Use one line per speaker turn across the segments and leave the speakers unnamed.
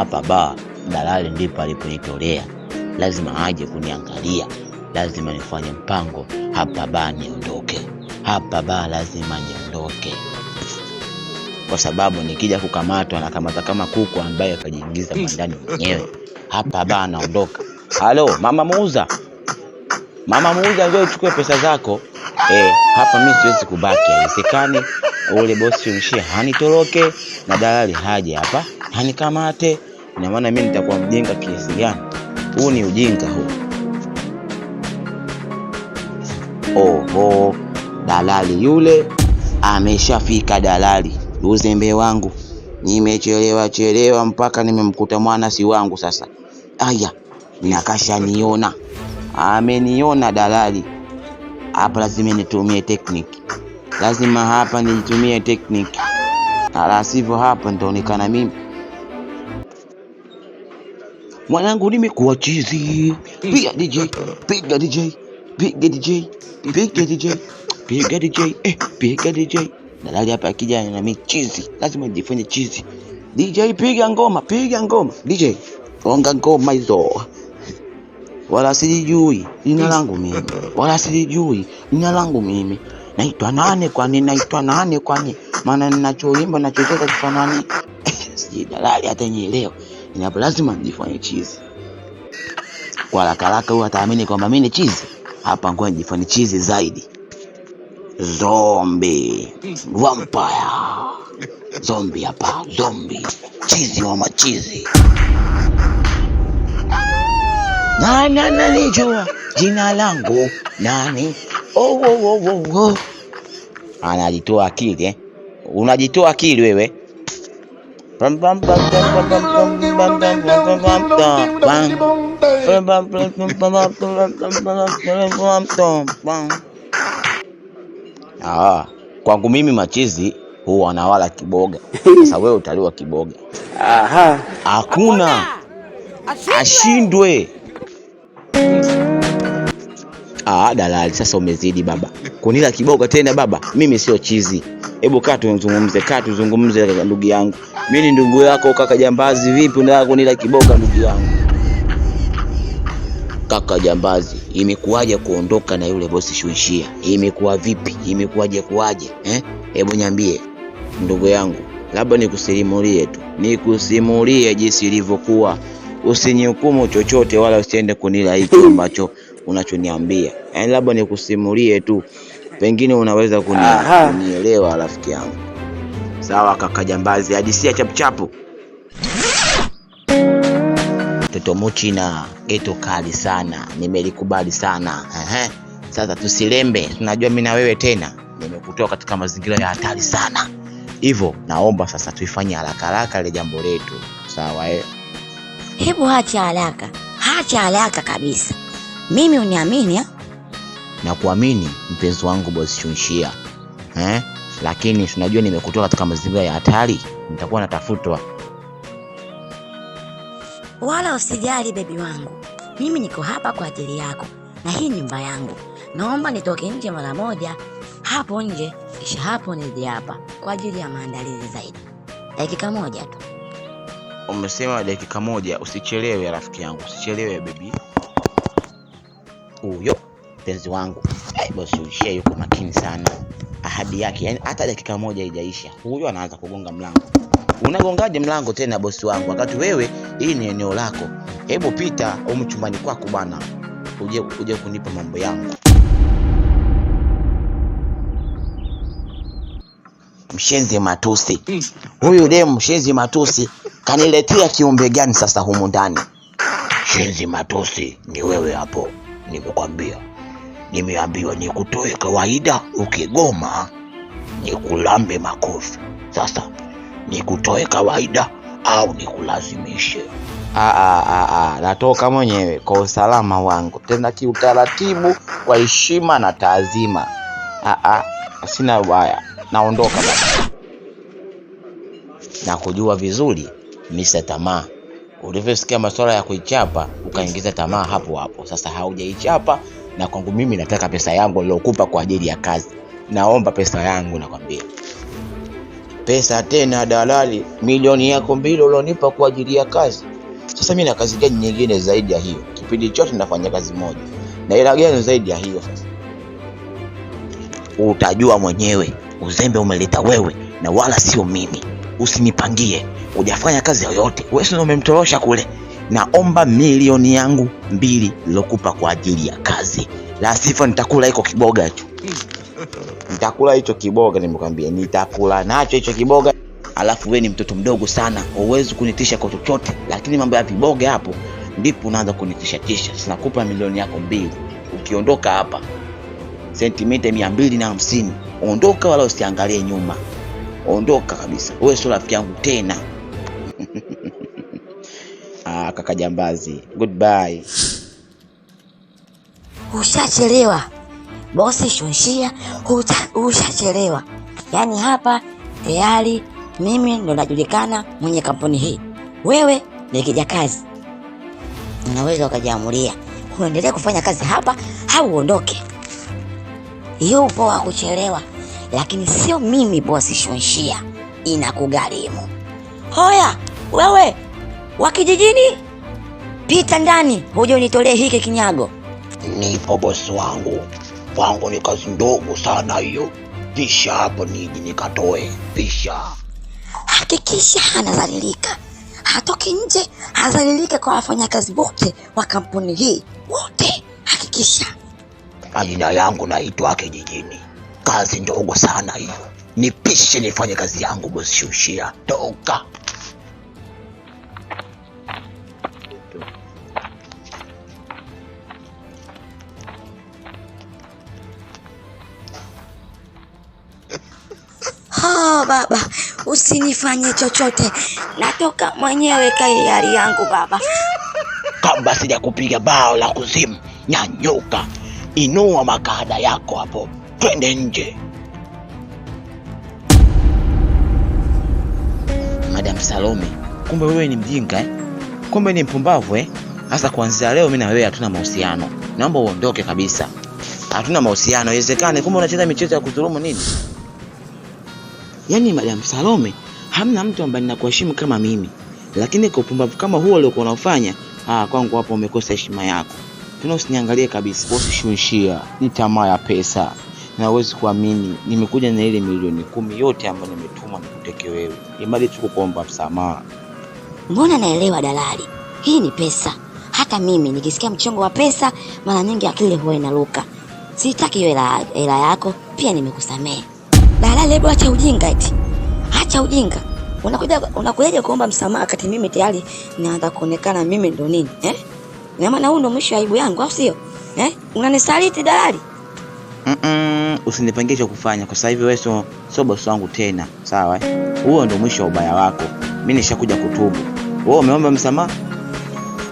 hapa ba dalali ndipo aliponitolea, lazima aje kuniangalia, lazima nifanye mpango hapa ba niondoke, hapa ba lazima niondoke, kwa sababu nikija kukamatwa nakamata kama kuku ambaye akajiingiza ndani mwenyewe. Hapa ba naondoka. Halo mama muuza, mama muuza, njoo uchukue pesa zako. Eh, hapa mimi siwezi kubaki, haiwezekani. Ule bosi mshia hanitoroke na dalali haje hapa hanikamate. Ina maana mimi nitakuwa mjinga kiasi gani? Huu ni ujinga huu. Oho, dalali yule ameshafika. Dalali uzembe wangu, nimechelewa chelewa mpaka nimemkuta mwana si wangu. Sasa aya, nakasha niona ameniona dalali hapa. Lazima nitumie tekniki, lazima hapa nitumie technique, alasivyo hapa nitaonekana mimi mwanangu, nimekuwa chizi. Piga DJ, piga DJ, piga DJ, piga DJ, piga DJ, eh, piga DJ. Dalali hapa akija na mimi chizi, lazima nijifanye chizi. DJ piga ngoma, piga ngoma, DJ onga ngoma hizo, wala sijui jina langu mimi, wala sijui jina langu mimi naitwa nane? Kwani naitwa nane? Kwani maana ninachoimba nachocheza kifanani? Sijui dalali hata nyeleo Inapo lazima jifanye chizi. Kwa haraka haraka huwa ataamini kwamba mimi ni chizi. Hapa ngoja nijifanye chizi zaidi. zombi vampire, zombi hapa, zombi chizi wa machizi. Nani ananijua jina langu nani? Oh, oh, oh, oh, oh. Anajitoa akili eh? Unajitoa akili wewe Ah, kwangu mimi machizi huwa wanawala kiboga. Sasa wewe utaliwa kiboga. Aha. Hakuna ashindwe. Ah, dalali sasa umezidi baba kunila kiboga tena baba, mimi sio chizi Hebu kaa tuzungumze, kaa tuzungumze ndugu yangu. Mimi ni ndugu yako kaka jambazi, vipi unataka kunila kiboga ndugu yangu? Kaka jambazi, imekuwaje kuondoka na yule bosi Shunshia? Imekuwa vipi? Imekuwaje kuwaje? Eh? Hebu niambie ndugu yangu, labda nikusimulie tu, nikusimulie jinsi ilivyokuwa. Usinihukumu chochote wala usiende kunila hicho ambacho unachoniambia, yaani labda nikusimulie tu pengine unaweza kuni, kunielewa rafiki yangu. Sawa kaka jambazi, hadisia chapuchapu. Toto Muchi na eto kali sana, nimelikubali sana. Ehe. Sasa tusilembe, tunajua mimi na wewe tena, nimekutoa katika mazingira ya hatari sana, hivyo naomba sasa tuifanye haraka haraka ile jambo letu, sawa eh?
Hebu hacha haraka, hacha haraka kabisa, mimi uniamini ah?
na kuamini mpenzi wangu bosi Chunshia. Eh? Lakini tunajua nimekutoa katika mazingira ya hatari, nitakuwa natafutwa.
Wala usijali bebi wangu, mimi niko hapa kwa ajili yako, na hii nyumba yangu. Naomba nitoke nje mara moja, hapo nje, kisha hapo nije hapa kwa ajili ya maandalizi zaidi. Dakika moja tu.
Umesema dakika moja, usichelewe rafiki yangu, usichelewe bebi. Huyo mpenzi wangu. Hey, eh, bosi Ushe yuko makini sana, ahadi yake yani hata dakika moja haijaisha huyo anaanza kugonga mlango. Unagongaje mlango tena bosi wangu, wakati wewe hii ni eneo lako? Hebu pita umu chumbani kwako bwana, uje uje kunipa mambo yangu. Mshenzi matusi huyu demu, mshenzi matusi kaniletea kiumbe gani sasa humu ndani? mshenzi matusi ni wewe hapo, nimekwambia nimeambiwa ni kutoe kawaida, ukigoma nikulambe makofi. Sasa ni kutoe kawaida au ni kulazimishe? Ah, ah, ah, natoka mwenyewe kwa usalama wangu, tena kiutaratibu, kwa heshima na taazima. Sina ubaya, naondoka Na kujua vizuri Mr. Tamaa, ulivyosikia masuala ya kuichapa ukaingiza tamaa hapo hapo. Sasa haujaichapa na kwangu mimi nataka pesa yangu nilokupa kwa ajili ya kazi, naomba pesa yangu. Nakwambia pesa tena, dalali, milioni yako mbili ulionipa kwa ajili ya kazi. Sasa mimi na kazi gani nyingine zaidi ya hiyo? Kipindi chote nafanya kazi moja, na ila gani zaidi ya hiyo? Sasa utajua mwenyewe, uzembe umeleta wewe na wala sio mimi. Usinipangie, hujafanya kazi yoyote wewe, umemtorosha kule naomba milioni yangu mbili nilokupa kwa ajili ya kazi, la sivyo nitakula iko kiboga hicho, nitakula hicho kiboga, nimekwambia nitakula nacho hicho kiboga. Alafu we ni mtoto mdogo sana, huwezi kunitisha kwa chochote, lakini mambo ya viboga hapo ndipo unaanza tisha. Sinakupa milioni yako mbili, ukiondoka hapa sentimita mia mbili na hamsini. Ondoka wala usiangalie nyuma, ondoka kabisa. Wewe sio rafiki yangu tena kaka jambazi, goodbye.
Ushachelewa bosi Shunshia, ushachelewa. Yaani hapa tayari mimi ndo najulikana mwenye kampuni hii, wewe ni kazi unaweza ukajiamulia uendelee kufanya kazi hapa au uondoke. Yupo wa kuchelewa, lakini sio mimi bosi Shunshia, inakugharimu. Hoya wewe wa kijijini, pita ndani, huja unitolee hiki kinyago.
Nipo bosi wangu, kwangu ni kazi ndogo sana hiyo. Pisha hapo niji nikatoe. Pisha
hakikisha anazalilika, hatoki nje, azalilike kwa wafanyakazi wote wa kampuni hii wote, hakikisha.
Majina yangu naitwa kijijini, kazi ndogo sana hiyo, nipishe nifanye kazi yangu. Bosi Ushia, toka.
baba, usinifanye chochote, natoka mwenyewe kaiari yangu baba.
Kabla sijakupiga bao la kuzimu, nyanyuka, inua makada yako hapo, twende nje. Madam Salome, kumbe wewe ni mjinga eh? Kumbe ni mpumbavu eh? Hasa kuanzia leo mimi na wewe hatuna mahusiano, naomba uondoke kabisa. Hatuna mahusiano, iwezekane. Kumbe unacheza michezo ya kudhulumu nini? Yaani Madam Salome, hamna mtu ambaye ninakuheshimu kama mimi, lakini kwa upumbavu kama huo uliokuwa unaofanya, ah, kwangu hapo umekosa heshima yako. Tena usiniangalie kabisa. Shunshia, ni tamaa ya pesa, na uwezi kuamini nimekuja na ile milioni kumi yote ambayo nimetuma nikuteke wewe, imali tuko kuomba msamaha.
Mbona naelewa dalali, hii ni pesa. Hata mimi nikisikia mchongo wa pesa, mara nyingi akili huwa inaruka. Sitaki hiyo hela yako, pia nimekusamehe. Dalali, hebu acha ujinga eti. Acha ujinga. Unakuja unakuja kuomba msamaha kati mimi tayari naanza kuonekana mimi ndo nini? Eh? Na maana huu ndo mwisho wa aibu yangu au sio? Eh? Unanisaliti dalali.
Mm, -mm usinipangie cha kufanya kwa sababu wewe sio sio bosi wangu tena. Sawa eh? Huo ndo mwisho wa ubaya wako. Mimi nishakuja kutubu. Wewe umeomba msamaha?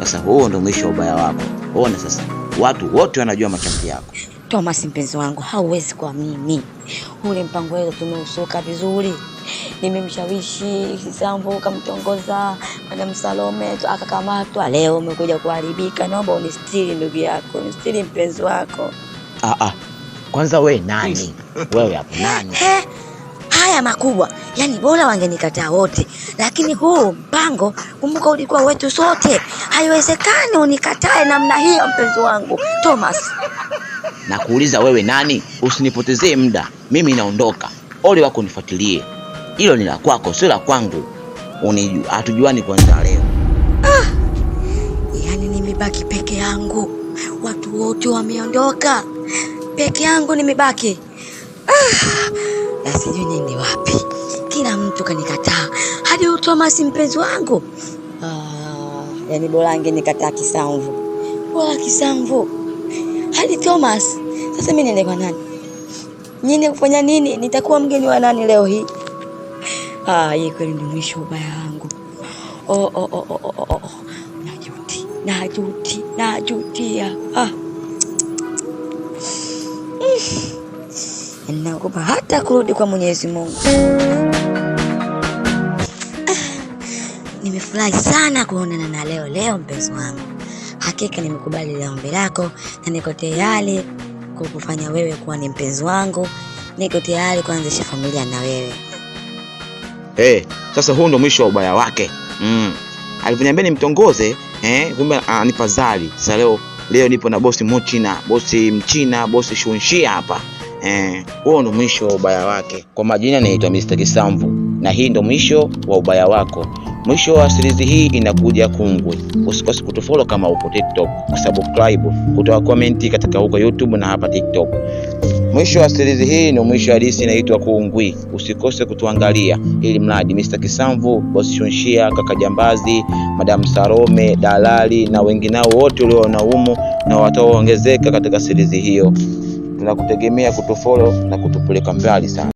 Sasa huo ndo mwisho wa ubaya wako. Ona sasa. Watu wote wanajua matamshi yako.
Thomas mpenzi wangu, hauwezi kuamini ule mpango wetu tumeusuka vizuri. Nimemshawishi Sambo kamtongoza Madam Salome akakamatwa, leo umekuja kuharibika. Naomba unistiri ndugu yako, unistiri mpenzi wako.
Ah, ah. Kwanza we nani? wewe hapo nani?
He, eh, haya makubwa yaani, bora wangenikataa wote, lakini huu mpango kumbuka, ulikuwa wetu sote. Haiwezekani unikatae namna hiyo, mpenzi wangu Thomas
na kuuliza wewe nani? Usinipotezee muda, mimi naondoka. Ole wako nifuatilie, hilo ni la kwako, sio la kwangu. Unijua hatujuani kwanza leo. Ah,
yani nimebaki peke yangu, watu wote wameondoka, peke yangu nimebaki. Ah, sijui nini wapi, kila mtu kanikataa, hadi Thomas mpenzi wangu. Ah, yani bora angenikataa kisamvu, bora kisamvu hadi Thomas. Sasa mimi niende kwa nani? Niende kufanya nini? Nitakuwa mgeni wa nani leo hii? Ah, hii kweli ndio mwisho ubaya wangu. Oh, oh, oh, oh, oh, oh, oh. Najuti, najuti, najutia. Ah. Mm. Naogopa hata kurudi kwa Mwenyezi Mungu. Ah. Nimefurahi sana kuonana na leo leo mpenzi wangu. Hakika nimekubali la ombi lako na niko tayari kukufanya wewe kuwa ni mpenzi wangu, niko tayari kuanzisha familia na wewe.
Hey, eh, sasa huu ndo mwisho wa ubaya wake mm. Alivyoniambia nimtongoze eh, kumbe anifadhali. Sasa leo leo nipo na bosi Mchina, bosi Mchina, bosi Shunshia hapa eh, huo ndo mwisho wa ubaya wake. Kwa majina naitwa Mr. Kisamvu na hii ndo mwisho wa ubaya wako. Mwisho wa series hii inakuja kungwe. Usikose kutufollow kama uko TikTok, kusubscribe, kutoa comment katika huko YouTube na hapa TikTok. Mwisho wa series hii ni mwisho wa inaitwa Kungwi. Usikose kutuangalia ili mradi Mr. Kisamvu, Boss Shunshia, Kaka Jambazi, Madam Sarome, Dalali na wenginao wote ulioona humu na wataongezeka katika series hiyo. Tunakutegemea kutufollow na kutupeleka mbali sana.